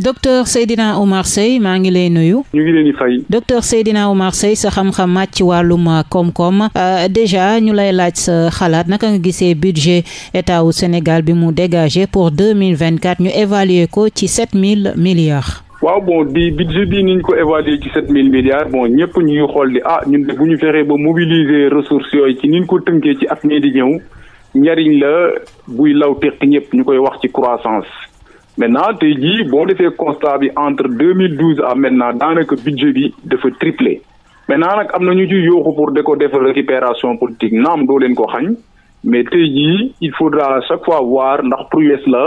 docteur Seydina u Seye maa ngi lay nuyu. ñu ngi leen fay. docteur Seydina Oumar Seye sa xam-xam màcc ci wàllum uh, koom-koom uh, déjà ñu lay laaj sa xalaat naka nga gisee budget état wu Sénégal bi mu dégagé pour deux mille vingt quatre ñu évaluer ko ci sept mille milliards. waaw bon di budget bi ni ñu ko évaluer ci sept mille milliards bon ñëpp ñuy xool di ah ñun de bu fexee ba mobiliser ressources yooyu ci ni ñu ko tënkee ci at mii di ñëw njariñ la buy law teq ñëpp ñu koy wax ci croissance. maintenant tey jii boo defee constat entre deux mille douze à maintenant daanaka budget bi dafa triplé maintenant nag am na ñu ciy yooxu pour de ko def récupération politique naam doo leen ko xañ mais tey jii il faudra chaque fois voir ndax prouesse la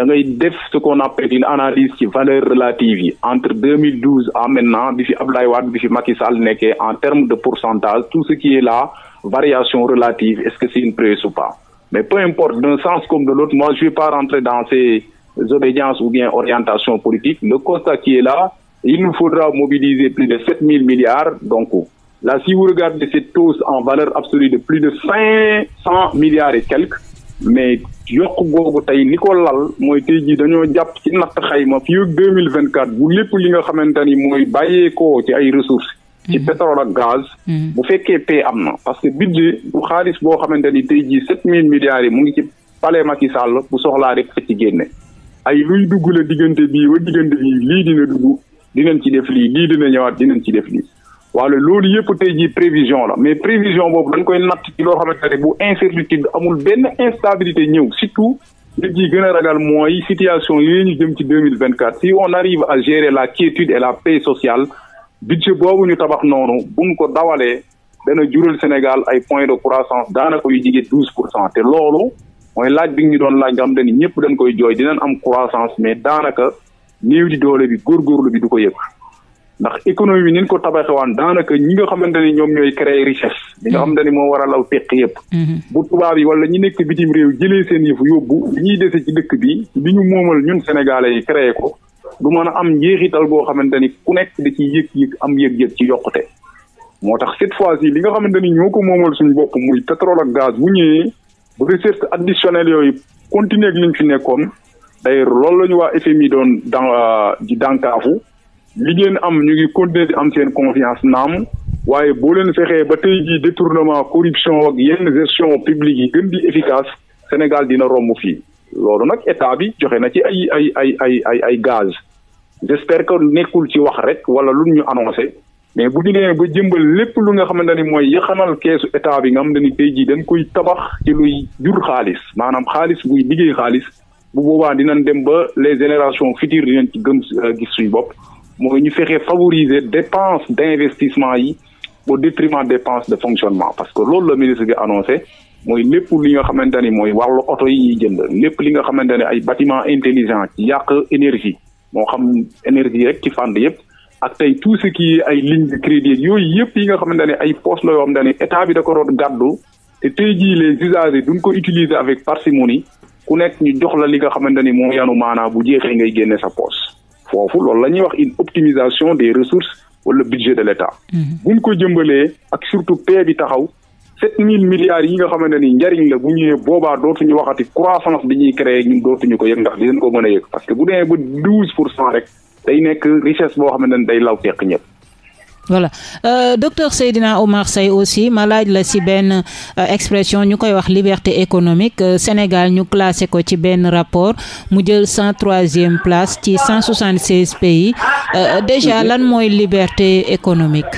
da ngay def ce qu'on appelle une analyse ci valeur relative yi entre deux mille douze à maintenant bi fi Abdoulaye Wade bi fi Macky Sall nekkee en termes de pourcentage tout ce qui est là variation relative est-ce que c'est une obédiences ou bien orientations politiques, le constat qui est la il nous faudra mobiliser plus de 7 000 milliards. Donc, là, si vous regardez cette hausse en valeur absolue de plus de 500 milliards et quelques, mais yokk googu tey ni ko lal mooy tey jii dañoo jàpp ci natt xayma fii ak deux mille vingt quatre bu lépp li nga xamante ni mooy bàyyeekoo ci ay ressources. ci mm-hmm. pétrole ak gaz. Mm-hmm. bu fekkee paie am na. parce que budget bu xaalis boo xamante ni tey jii sept mille milliards yi mu ngi ci palais Macky Sall bu soxlaa rek ci génne. ay luy dugg la diggante bii wa diggante bi lii dina dugg dinañ ci def lii lii dina ñëwaat dinañ ci def lii wala loolu yëpp tey jii prévision la mais prévision boobu dañ koy natt ci loo xamante ne bu incertitude amul benn instabilité ñëw surtout nit ñi gën a ragal mooy situation yooyu ñu jëm ci deux mille vingt quatre si on arrive à gérer la quiétude et la paix sociale budget boobu ñu tabax noonu buñ ko dawalee dana jural Sénégal ay points de croissance daanaka yu jege douze pour cent te loolu mooy laaj bi ñu doon laaj nga xam te ni koy jooy dinañ am croissance mais daanaka néew di doole bi góorgóorlu bi du ko yëg ndax économie bi ni ñu ko tabaxewaan daanaka ñi nga xamante ni ñoom ñooy créer richesse li nga xamante ni moo waral aw teq yëpp mm-hmm. bu tubaab yi wala ñi nekk bitim réew jëlee seen yëfu yóbbu li ñuy dese ci dëkk bi li ñu moomal ñun sénégalais yi créer ko du man am njeexital boo xamante ni ku nekk da ciy yëg-yëg am yëg-yëg ci yokkute moo ta cette fois ci li nga xamante ni ñoo ko moomal suñu bopp muy pétrole ak gaz bu recherche additionnelle yooyu continuer ak liñ fi nekkoon d'ailleurs loolu la ñu waa FMI doon dans euh, di dànkaafu li ngeen am ñu ngi continuer am seen confiance naam waaye boo leen fexee ba tey jii détournement corruption ak yenn gestion publique yi gën di efficace Sénégal dina romb fii loolu nag état bi joxe na ci ay ay ay ay ay ay gaz j'espère que nekkul ci wax rek wala lu ñu annoncé mais bu ñu ba jëmbal lépp lu nga xamante ni mooy yaxanal keesu état bi nga xamante ni tey jii dañ koy tabax ci luy jur xaalis maanaam xaalis buy liggéey xaalis bu boobaa dinañ dem ba les générations futures dinañ ci gëm euh, gis suñu bopp mooy ñu fexe favoriser dépense d' investissement yi au détriment dépense de fonctionnement parce que loolu la ministre bi annoncé mooy lépp li nga xamante ni mooy walo oto yi ñuy jënd lépp li nga xamante ne ay bâtiment intelligent ci yàq énergie moo xam énergie rek ci fànn yëpp ak tey tout ce qui ay ligne crédit yooyu yëpp yi nga xamante ne ay poste la yoo xamante ne état bi da ko doon gàddu te tey jii les usagers duñ ko utiliser avec parcimonie ku nekk ñu jox la li nga xamante ni moo yanu maanaa bu jeexee ngay génne sa poste foofu loolu la ñuy wax une optimisation des ressources wala budget de l'État. Mhm. buñ ko jëmbalee ak surtout paie bi taxaw sept mille milliards yi nga xamante ni njariñ la bu ñëwee boobaa dootuñu waxati croissance bi ko yëg ndax di leen ko mën a yëg parce day nekk richesse boo xamante ne day law fekk ñëpp. voilà euh, docteur Seydina Oumar Seye aussi ma laaj la ci benn euh, expression ñu koy wax liberté économique euh, Sénégal ñu classé ko ci benn rapport mu jël cent troisième place ci cent soixante seize pays euh, déjà lan mooy liberté économique.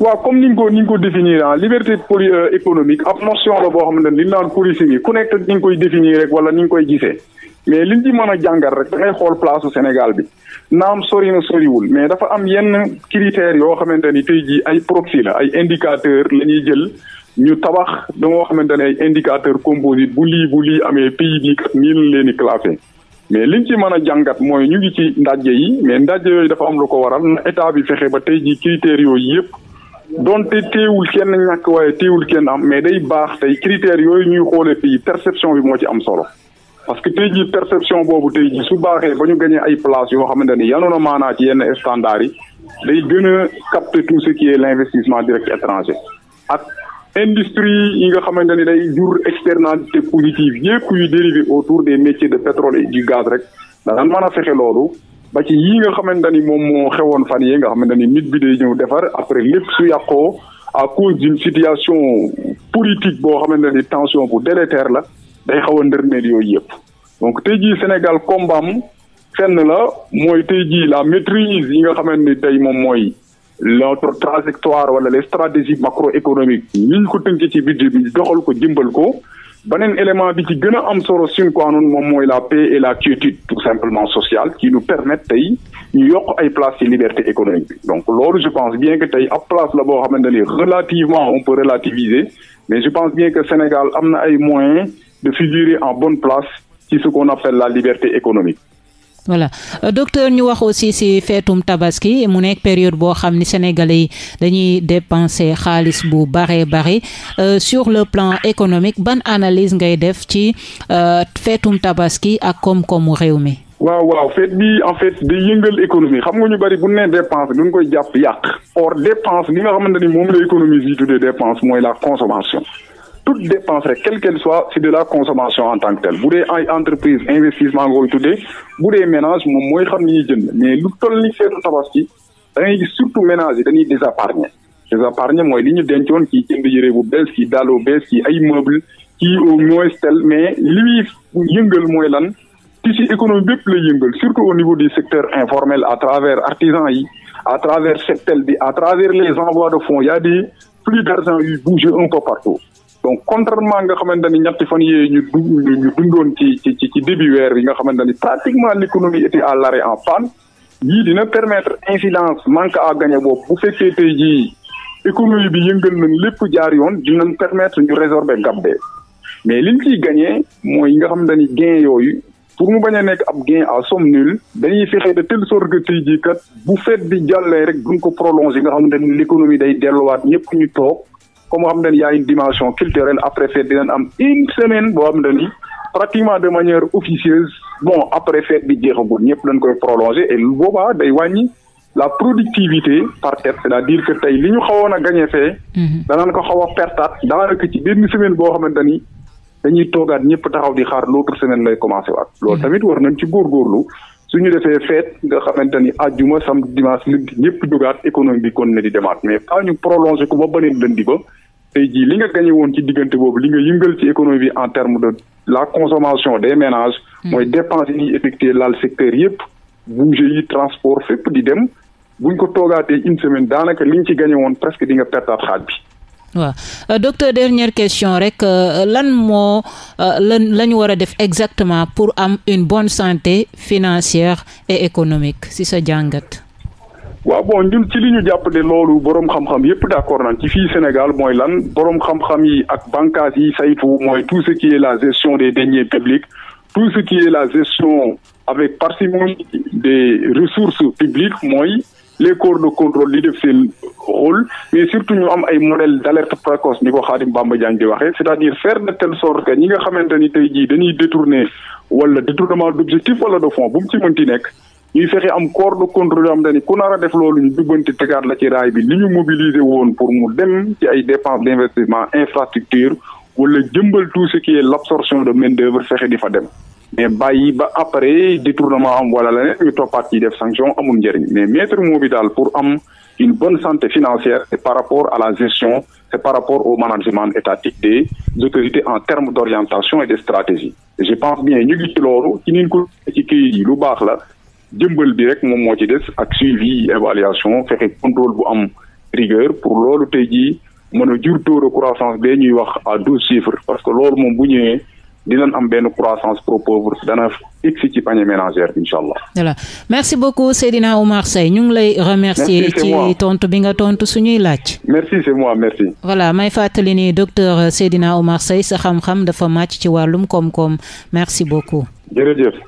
waaw comme ni ñu ko ni ah, liberté poli euh, économique ab notion la boo xamante ne li ñu naan politique yi ku nekk ni ñu koy définir rek wala ni ñu koy gisee. mais liñ ci mën a jàngal rek da xool place su Sénégal bi naam sori na soriwul mais dafa am yenn critères yoo xamante ni tey jii ay proxy la ay indicateur la ñuy jël ñu tabax dangoo xamante ne ay indicateur composite bu lii bu lii amee pays bi kat nii leen di classé mais liñ ci mën a jàngat mooy ñu ngi ci ndaje yi mais ndaje yooyu dafa am lu ko waral état bi fexe ba tey jii critères yooyu yëpp donte teewul kenn ñàkk waaye teewul kenn am mais day baax tey critères yooyu ñuy xoolee fii perception bi moo ci am solo parce que tey jii perception boobu tey jii su baaxee ba ñu gagné ay place yoo xamante ni yanoon na maanaa ci yenn standards yi day gën a capter tout ce l' investissement direct étranger ak industrie yi nga xamante ni day jur externalité positive yëpp yu dérivé autour des métiers de pétrole et du gaz rek daan mën a fexe loolu ba ci yii nga xamante ni moom moo xewoon fan yee nga xamante ni nit bi day ñëw defar après lépp su yàqo à cause d'une situation politique boo xamante ni tension bu délétère la day xaw a ndërmeel yooyu yëpp donc tey jii Sénégal kombaam fenn la mooy tey jii la maîtrise yi nga xamante ni tey moom mooy notre trajectoire wala les stratégies macroéconomiques yi ñu ko tënk ci budget bi doxal ko jëmbal ko beneen élément bi ci gën a am soro suñ ko anoon moom mooy la paix et la quiétude tout simplement sociale qui nous permettent tey ñu yokk ay place ci liberté économique donc loolu je pense bien que tey a place la boo xamante ni relativement on peut relativiser mais je pense bien Sénégal am na ay moyens de figurer en bonne place ci ce qu'on appelle la liberté économique. voilà euh, docteur ñu wax aussi ci feetum tabaski mu nekk période boo xam ni sénégalais yi dañuy dépenser xaalis bu bare bare euh, sur le plan économique ban analyse ngay def ci euh, feetum tabaski ak koom-koomu réew mi. waaw waaw feet bi en fait day yëngal économie xam nga ñu bari bu ne dépense duñ koy jàpp yàq. or dépense li nga xamante ni moom la économie yi tuddee dépense mooy la consommation. toute dépense rek quelle qu'elle soit c'est de la consommation en tant que telle bu dee ay entreprise investissement nga koy tuddee bu dee ménage moom mooy xam ni ñuy jënd mais lu toll ni feetu tabaski da ngay gis surtout ménage yi dañuy désépargner désépargner mooy li ñu dencoon kii jënd yëre bu bees kii dàll bu bees kii ay o kii au moins mais li muy yëngal mooy lan tissu économie bépp la yëngal surtout au niveau du secteur informel à travers artisans yi à travers sectel bi à travers les envois de fonds y a des flux donc contrairement nga xamante ni ñetti fan yee ñu dundoon ci ci ci début weer yi nga xamante ni pratiquement l'économie était à l'arrêt en panne yii dina permettre incidence manque à gagner boobu bu fekkee tey ji économie bi yëngal nañ lépp jaar yoon dinañ permettre ñu résorber gap bee mais liñ ciy gagné mooy nga xamante ni gain yooyu pour mu bañ a nekk ab gain à somme nulle dañuy fexe de telle sorte que tey jii kat bu feet bi jàllee rek duñ ko prolonger nga xamante ni l'économie day delluwaat ñëpp ñu toog. comme xam ne y a une dimension culturelle après fête dinañ am une semaine boo xam ne ni pratiquement de manière officieuse bon après fête jeexagul ñëpp dañ koy prolonger et boobaa day wàññi la productivité par tête c'est-à-dire que tey li ñu xawoon a gagné fee. Mhm. danañ ko xaw a pertaat daanaka ci benn semaine boo xamante ni dañuy toogaat ñëpp taxaw di xaar l'autre semaine lay commencé waat. Mhm. lool tamit war nañ ci góorgóorlu. su ñu defee feet nga xamante ni àjjuma samedi dimanche lundi ñëpp jógaat économie bi kon di demaat mais pas ñu prolongé ko ba beneen lundi ba tey jii li nga gagné woon ci diggante boobu li nga yëngal ci économie bi en terme de la consommation des ménages. Hmm. mooy dépenses yi ñuy effectué laal secteur yëpp. bouger yi transport fépp di dem buñ ko toogaatee une semaine daanaka liñ ci gagné woon presque di nga pertaat xaaj bi. waaw ouais. Euh, docteur dernière question rek euh, lan moo euh, lan la war a def exactement pour am une bonne santé financière et économique si sa jàngat. waaw bon ñun ci li ñu jàpp ne loolu borom xam-xam yëpp d'accord nañ ci fii Sénégal mooy lan borom xam-xam yi ak bànqaas yi saytu mooy tout ce qui est la gestion des deniers publics tout ce qui est la gestion avec parcimonie des ressources publiques mooy les de contrôle li def seen rôle mais surtout ñu am ay modèle d'alerte précoce ni ko Khadim Bamba Diagne di waxee c'est-à-dire faire de telle sorte que ñi nga xamante ni tey jii dañuy détourner wala détournement d'objectif wala de fond bu ci mënti ñuy fexe am corps de contrôle yoo xam ne ni ku nar a def loolu ñu jubbanti tegaat la ci raay bi li ñu mobiliser woon pour mu dem ci ay dépenses d'investissement infrastructure wala jëmbal tout ce qui est l'absorption de main d'œuvre fexe di fa dem mais bàyyi ba après détournement am wala leneen ñu toppaat yi def sanction amul njëriñ mais maître mot bi daal pour am une bonne santé financière par rapport à la gestion c'est par rapport au management étatique des autorités en termes d'orientation et de stratégie je pense bien ñu ngi ci loolu lu baax la jëmbal bi rek moom moo ci des ak suivi évaluation fexe contrôle bu am rigueur pour loolu tey ji mën a jur taux de croissance bee ñuy wax à douze parce que loolu moom bu ñëwee dinañ am benn croissance pro pauvre dana egg ci panier ménagère bi incha allah. voilà merci beaucoup Seydina Oumar Seye ñu ngi lay remercier ci tontu bi nga tontu suñuy laaj. merci c'est moi merci. voilà may fàttali ni docteur Seydina Oumar Seye sa xam-xam dafa màcc ci wàllum koom-koom merci beaucoup. jërëjëf.